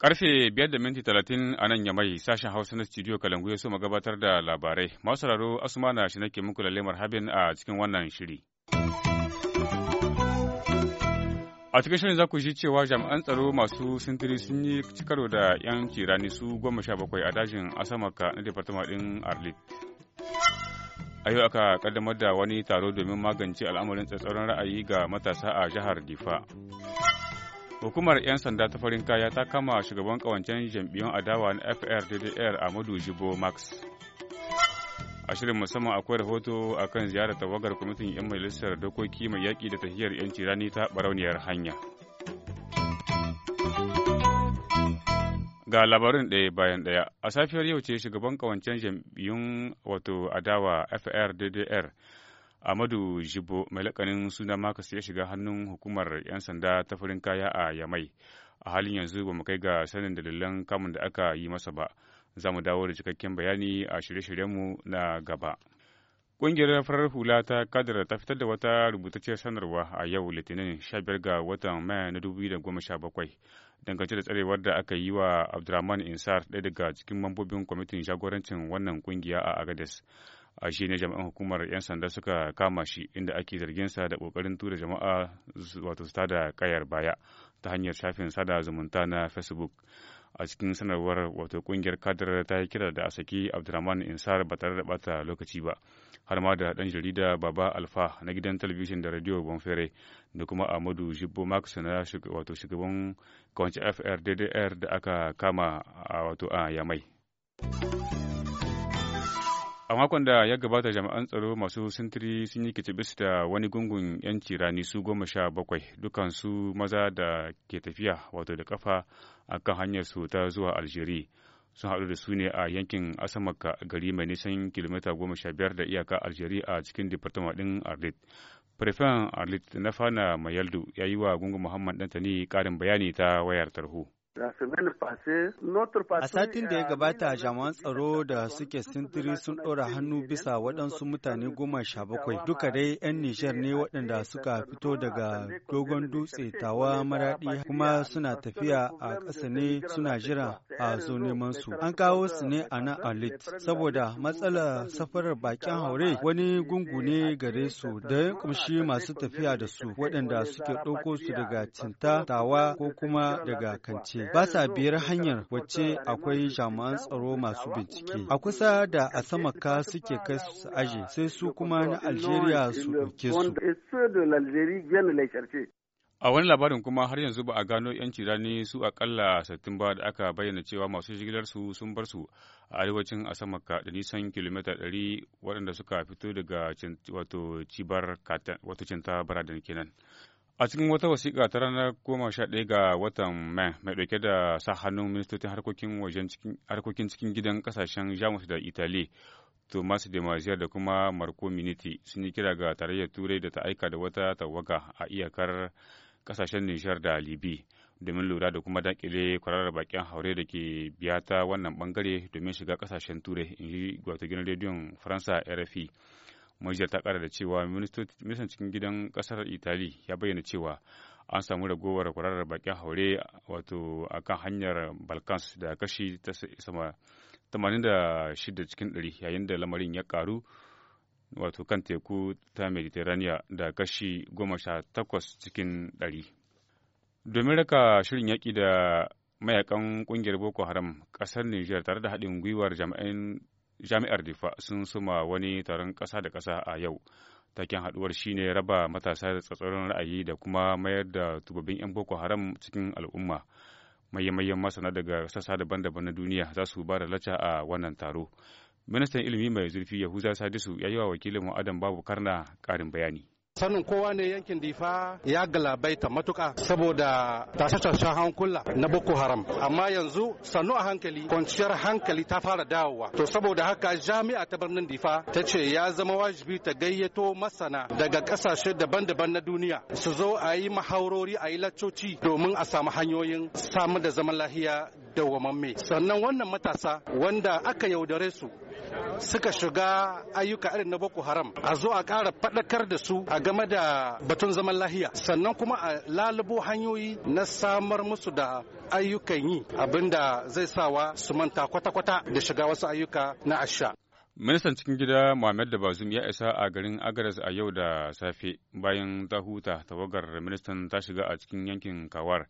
Karfe biyar da minti talatin a nan yamai sashen Hausa na studio Kalangu ya so gabatar da labarai. Masu sauraro Asuma na shi nake muku lalle marhabin a cikin wannan shiri. a cikin shirin za ku ji cewa jami'an tsaro masu sintiri sun yi karo da 'yan kirani su goma sha bakwai a dajin asamaka na departama ɗin arlit a yau aka kaddamar da wani taro domin magance al'amarin tsatsauran ra'ayi ga matasa a jihar difa hukumar 'yan sanda ta farin kaya ta kama shugaban kawancen jam'iyyun adawa na a amadu jibo max a shirin musamman akwai rahoto a kan ziyarar tawagar kwamitin 'yan majalisar dokoki mai yaƙi da tahiyar 'yanci rani ta barauniyar hanya ga labarin ɗaya bayan ɗaya a safiyar yau ce shugaban kawancen jam'iyyun wato adawa frddr amadu jibo mai lakanin suna makas ya shiga hannun hukumar 'yan sanda ta farin kaya a yamai a halin yanzu ba mu kai ga sanin dalilan kamun da aka yi masa ba za mu dawo da cikakken bayani a shirye-shiryenmu na gaba. Ƙungiyar farar hula ta kadara ta fitar da wata rubutacciyar sanarwa a yau Litinin 15 ga watan Maya na da sha bakwai dangance da tsarewar da aka yi wa abdulrahman Insar ɗaya daga cikin mambobin kwamitin jagorancin wannan ƙungiya a Agades. A shi ne jami'an hukumar 'yan sanda suka kama shi inda ake zarginsa da ƙoƙarin tura jama'a wato su tada kayar baya ta hanyar shafin sada zumunta na Facebook. a cikin sanarwar wato kungiyar kadar ta yi kira da a saki abdulrahman insar ba tare da bata lokaci ba har ma da dan jarida baba alfa na gidan talabijin da radio bonfere da kuma amadu jibbo max na wato shugaban kawance fr ddr da aka kama a wato a yamai. A makon da ya gabata jami'an tsaro masu sintiri sun yi kicibis da wani gungun 'yanci rani su goma sha bakwai dukansu maza da ke tafiya wato da kafa a kan hanyar su ta zuwa Algeria. Sun haɗu da su ne a yankin Asamaka gari mai nisan kilomita goma sha biyar da iyaka Algeria a cikin departama ɗin Arlit. Prefen Arlit na fana Mayaldu ya yi wa gungun Muhammad Dantani ƙarin bayani ta wayar tarho. A satin da ya gabata jami'an tsaro da suke sintiri sun ɗora hannu bisa waɗansu mutane goma sha bakwai duka dai 'yan Nijar ne waɗanda suka fito daga dogon dutse tawa maraɗi kuma suna tafiya a ƙasa ne suna jira a zo neman su. An kawo su ne a nan Alit saboda matsalar safarar bakin haure wani gungu ne gare su da ya kumshi masu tafiya da su waɗanda suke ɗauko su daga cinta tawa ko kuma daga kance. ba sa biyar hanyar wacce akwai jami'an tsaro masu bincike. A kusa da a sama ka suke kai su aje, sai su kuma na Algeria su ɗauke su. A wani labarin kuma har yanzu ba a gano 'yanci rani su akalla sattin ba da aka bayyana cewa masu jigilar su sun bar su a arewacin Asamaka da nisan kilomita ɗari waɗanda suka fito daga wato cibar wato cinta baradan kenan. A cikin wata wasiƙa ta ranar goma sha ɗaya ga watan Mai mai ɗauke da sa hannun ministocin harkokin wajen harkokin cikin gidan ƙasashen Jamus da italy Thomas de maizière da kuma Marco Miniti sun yi kira ga tarayyar Turai da ta aika da wata tawaga a iyakar ƙasashen Nijar da Libi domin lura da kuma daƙile kwararar bakin haure da ke biya ta wannan bangare domin shiga ƙasashen Turai, in ji wato gidan rediyon Faransa RFI. majiyar ta kara da cewa ministan cikin gidan kasar itali ya bayyana cewa an samu ragowar kwararar bakin haure wato a kan hanyar balkans da kashi sama 86 cikin 100 yayin da lamarin ya karu wato kan teku ta mediterania da kashi 18 cikin 100 domin raka shirin yaƙi da mayakan ƙungiyar boko haram ƙasar nijar tare da haɗin gwiwar jami'an jami'ar difa sun suma wani taron ƙasa da ƙasa a yau taken haɗuwar shine raba matasa da tsatsauran ra'ayi da kuma mayar da tubabin 'yan boko haram cikin al'umma mayyan masana daga sassa daban-daban na duniya za su ba da lacca a wannan taro ministan ilimi mai zurfi yahuza sadisu ya yi wa wakilin adam babu karna karin bayani sanin kowa ne yankin difa ya galabaita matuka saboda tashe-tashen hankula na boko haram amma yanzu sannu a hankali kwanciyar hankali ta fara dawowa to saboda haka jami'a ta birnin difa ta ce ya zama wajibi ta gayyato masana daga kasashe daban-daban na duniya su zo a yi mahaurori a yi laccoci domin a samu hanyoyin samar da zaman lahiya dawwamamme sannan wannan matasa wanda aka yaudare su suka shiga ayyuka irin na boko haram a zo a ƙara faɗakar da su a game da batun zaman lahiya sannan kuma a lalubo hanyoyi na samar musu da ayyukan yi abinda zai sawa su manta kwata-kwata da shiga wasu ayyuka na asha. Ministan cikin gida Muhammad da Bazum ya isa a garin Agaras a yau da safe bayan ta huta tawagar ministan ta shiga a cikin yankin Kawar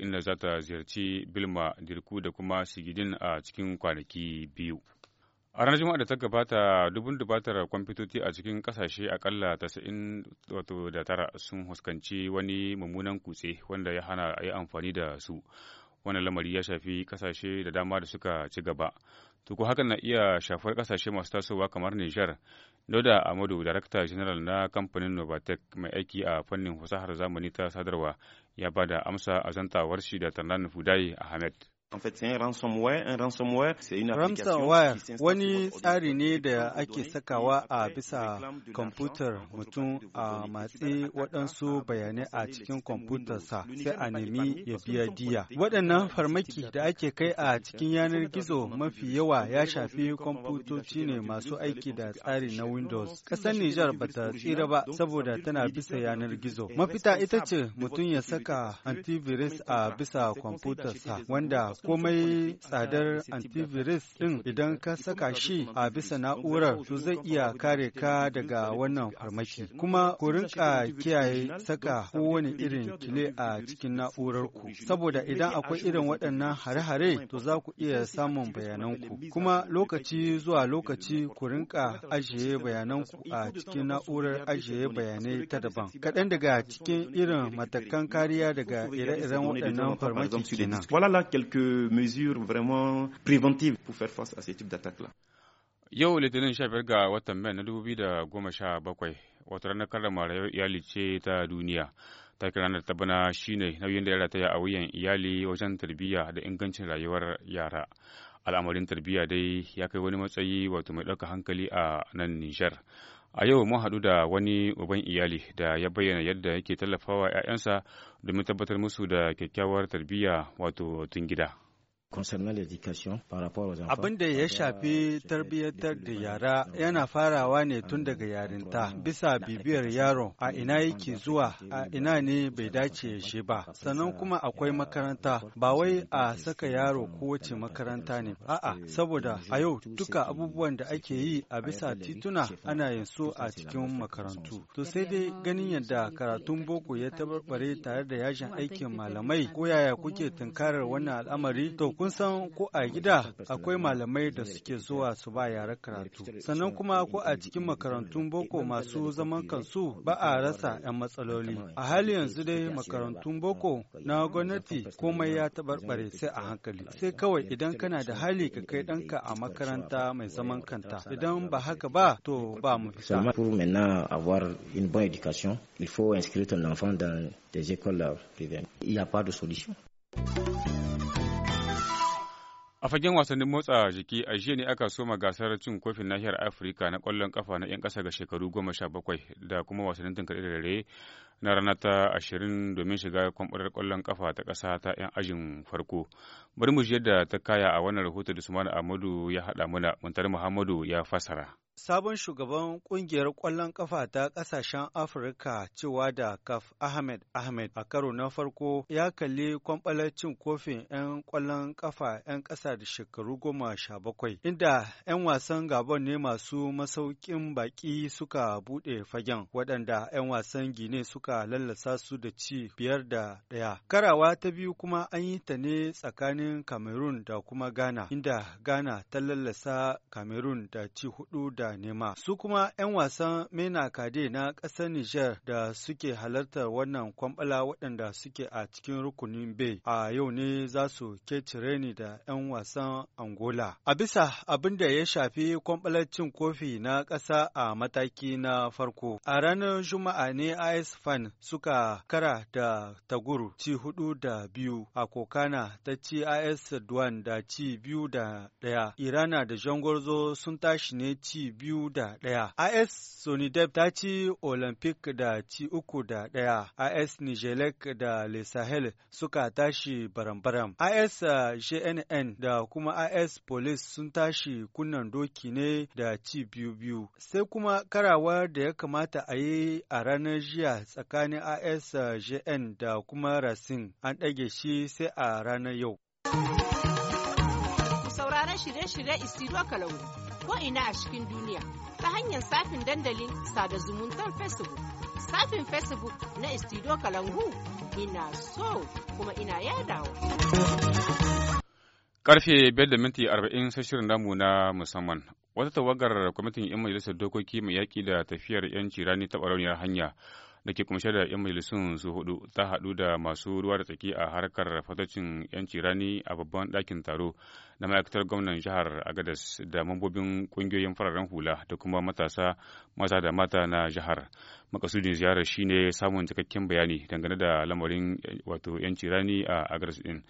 inda za ta ziyarci Bilma Dirku da kuma Sigidin a cikin kwanaki biyu. A ranar Juma'a da ta gabata dubun dubatar kwamfutoci a cikin kasashe akalla tara sun huskanci wani mummunan kutse wanda ya hana a yi amfani da su. Wannan lamari ya shafi kasashe da dama da suka ci gaba. Tuku hakan na iya shafar kasashe masu tasowa kamar Nijar. Dauda Amadu, Darakta General na kamfanin Novatec mai aiki a fannin fasahar zamani ta sadarwa, ya bada amsa a zantawar shi da Tarnan Fudai Ahmed. En ransomware. wani tsari ne da ake sakawa a bisa kwamfutar mutum a matse waɗansu bayanai a cikin kwamfutarsa sai a nemi ya biya diya. Waɗannan farmaki da ake kai a cikin yanar gizo mafi yawa ya shafi kwamfutoci ne masu aiki da tsari na Windows. Ƙasar Nijar ba ta tsira ba saboda tana bisa yanar gizo. Mafita ita ce mutum ya saka antivirus a bisa kwamfutarsa wanda komai tsadar antivirus ɗin idan ka saka shi a bisa na'urar to zai iya kare ka daga wannan farmaki. Kuma ku rinka kiyaye saka kowane irin kile a cikin na'urar ku. Saboda idan akwai irin waɗannan hare-hare to za ku iya samun bayanan ku, Kuma lokaci zuwa lokaci ku rinka ajiye bayanan ku a cikin na'urar ajiye bayanai ta daban. Kaɗan daga cikin irin matakan kariya daga ire-iren waɗannan farmaki kenan. mesures vraiment préventives pour faire face à ce type d'attaque-là. Yau Litinin sha ga watan Mai na dubu biyu da goma sha bakwai wata ranar karrama iyali ce ta duniya. ta ranar ta bana shine nauyin da ta yi a wuyan iyali wajen tarbiyya da ingancin rayuwar yara. Al'amarin tarbiyya dai ya kai wani matsayi wato mai ɗauka hankali a nan Nijar. A yau mun haɗu da wani uban iyali da ya bayyana yadda yake tallafawa 'ya'yansa domin tabbatar musu da kyakkyawar tarbiyya wato tun gida. concernant l'éducation par rapport aux enfants. Abin da ya shafi tarbiyyatar da yara yana farawa ne tun daga yarinta bisa bibiyar yaro a ina yake zuwa a ina ne bai dace ya shi ba sannan kuma akwai makaranta ba wai a saka yaro ko kowace makaranta ne a'a saboda a yau duka abubuwan da ake yi a bisa tituna ana yin so a cikin makarantu to sai dai ganin yadda karatun boko ya tabarbare tare da yajin aikin malamai ko yaya kuke tunkarar wannan al'amari to kun san ko a gida akwai malamai da suke zuwa su ba yara karatu. Sannan kuma ko a cikin makarantun boko masu zaman kansu ba a rasa 'yan matsaloli. A hali yanzu dai makarantun boko na gwamnati komai ya taɓarɓare sai a hankali. Sai kawai idan kana da hali ka kai ɗanka a makaranta mai zaman kanta. Idan ba haka ba to ba mu fita. Il faut inscrire ton enfant dans des écoles privées. Il n'y a pas de solution. A fagen wasannin motsa jiki a jiya ne aka soma gasar cin kofin nahiyar Afirka na kwallon kafa na 'yan kasa ga shekaru goma sha bakwai da kuma wasannin tunkaɗe da dare na rana ta ashirin domin shiga kwamɓarar kwallon kafa ta kasa ta 'yan ajin farko. Bari mu yadda ta kaya a wannan rahoto da Sumana Ahmadu ya haɗa mana, Muntari Muhammadu ya fasara. Sabon shugaban kungiyar ƙwallon ƙafa ta ƙasashen Afirka cewa da Kaf Ahmed Ahmed a karo na farko ya kalli kwamɓalar cin kofin 'yan ƙwallon ƙafa 'yan ƙasa da shekaru goma sha bakwai, inda 'yan wasan Gabon ne masu masaukin baƙi suka buɗe fagen, waɗanda 'yan wasan Gine suka lallasa su da ci biyar da ɗaya. Karawa ta biyu kuma an yi ta ne tsakanin Cameroon da kuma Ghana, inda Ghana ta lallasa Cameroon da ci hudu da da nema. Su kuma 'yan wasan Mena Kade na ƙasar Nijar da suke halartar wannan kwambala waɗanda suke a cikin rukunin B a yau ne za su kecire ni da 'yan wasan Angola. A bisa abin da ya shafi kwambalar cin kofi na ƙasa a mataki na farko. A ranar Juma'a ne AS Fan suka kara da Taguru ci hudu da biyu a Kokana ta ci AS Duan da ci biyu da ɗaya. Irana da Jangorzo sun tashi ne ci biyu da ɗaya. AS Sonidep ta ci Olympic da ci uku da ɗaya. AS Nijelek da Le Sahel suka tashi barambaram baram AS uh, da kuma AS Police sun tashi kunnan doki ne da ci biyu-biyu. Sai kuma karawar da ya kamata a yi a ranar jiya tsakanin AS JN uh, da kuma Racing an ɗage shi sai a ranar yau. Sauraron shirye-shirye Istiro Kalau. ko'ina a cikin duniya ta hanyar safin dandalin sada zumuntar Facebook. Safin Facebook na Istido Kalangu ina so kuma ina yadawa. Karfe 5:40 sai shirin namu na musamman. Wata tawagar kwamitin 'yan majalisar dokoki mai yaki da tafiyar 'yanci rani ta barauniyar hanya da ke kumshe da 'yan majalisun su hudu ta haɗu da masu ruwa da tsaki a harkar fatacin 'yanci rani a babban dakin taro na ma'aikatar gwamnan jihar agadas da mambobin ƙungiyoyin fararen hula da kuma matasa maza da mata na jihar makasudin ziyarar shine samun cikakken bayani dangane da lamarin wato 'yanci rani a agadas din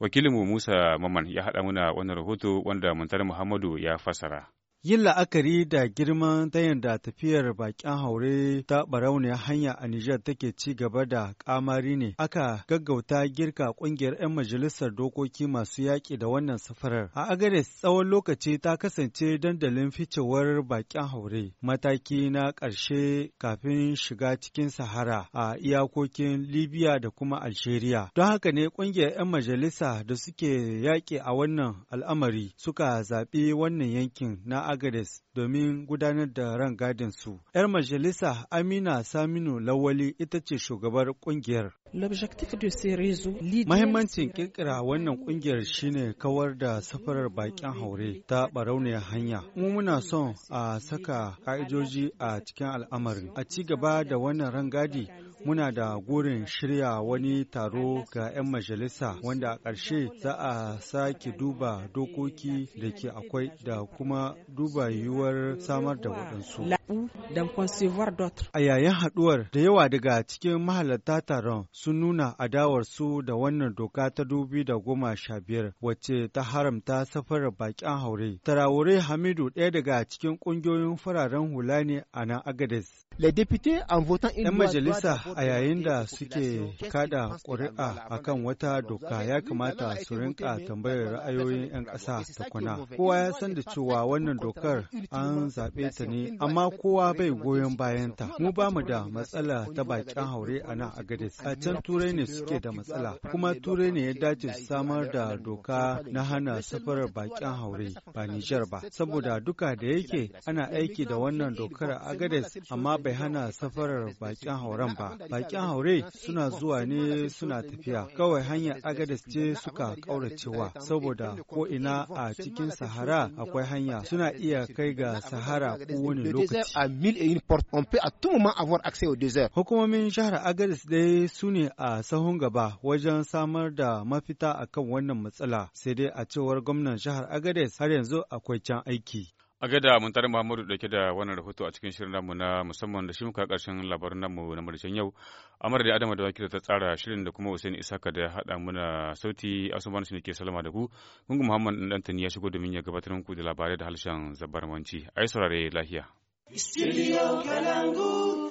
wakilinmu musa maman ya haɗa muna wannan rahoto wanda muhammadu ya fassara. Yin la'akari da girman ta yadda tafiyar bakin haure ta barauniya hanya a Nijar take ci gaba da kamari ne, aka gaggauta girka kungiyar 'yan majalisar dokoki masu yaƙi da wannan safarar. A Agares tsawon lokaci ta kasance dandalin ficewar bakin haure, mataki na ƙarshe kafin shiga cikin Sahara a iyakokin Libya da kuma Algeria. Don haka ne kungiyar 'yan majalisa da suke yaƙi a wannan al'amari suka zaɓi wannan yankin na Agades domin gudanar da rangadin su. 'Yar majalisa Amina Saminu Lawali ita ce shugabar kungiyar. Mahimmancin kirkira wannan kungiyar shine kawar da safarar bakin haure ta barauniyar hanya. Mu muna son a saka ka'idoji a cikin al'amarin. A ci gaba da wannan rangadi muna da gurin shirya wani taro ga 'yan majalisa wanda a ƙarshe za a sake duba dokoki da ke akwai da kuma duba yiwuwar samar da waɗansu. haɗu don d'autres. A yayin haɗuwar da yawa daga cikin mahalarta taron sun nuna adawarsu da wannan doka ta dubi da goma sha biyar wacce ta haramta safarar bakin haure. Tarawore Hamidu ɗaya daga cikin ƙungiyoyin fararen hula ne a nan Agadez. Les majalisa a yayin da suke kada ƙuri'a akan wata doka ya kamata su rinka tambayar ra'ayoyin 'yan ƙasa ta Kowa ya san da cewa wannan dokar an zaɓe ta ne, amma kowa bai goyon bayanta. Mu ba mu da matsala ta bakin haure a nan a Gadis. A can Turai ne suke da matsala, kuma Turai ne ya dace samar da doka na hana safarar bakin haure ba Nijar ba. Saboda duka da yake ana aiki da wannan dokar a Gadis amma bai hana safarar bakin hauren ba. Bakin haure suna zuwa ne suna tafiya. Kawai hanyar agadis ce suka ƙauracewa saboda ko ina a cikin Sahara akwai hanya suna iya kai ga Sahara kowane lokaci. a mille et une portes. On peut à tout moment avoir accès aux deux Hukumomin jihar agadis dai su ne a sahun gaba wajen samar da mafita akan wannan matsala sai dai a cewar gwamnan jihar agadis har yanzu akwai can aiki. A gada mun tare Muhammadu dauke da wannan rahoto a cikin shirin namu na musamman da shi muka karshen labarin namu na maricen yau. Amar da Adama da Wakil ta tsara shirin da kuma Hussein Isaka da hada muna sauti Asuman shi ke salama da ku. Gungun Muhammad Dantani ya shigo domin ya gabatar muku da labarai da harshen zabarmanci. Ai saurare lahiya. Studio Kalangu.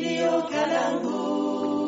Studio Kalangu.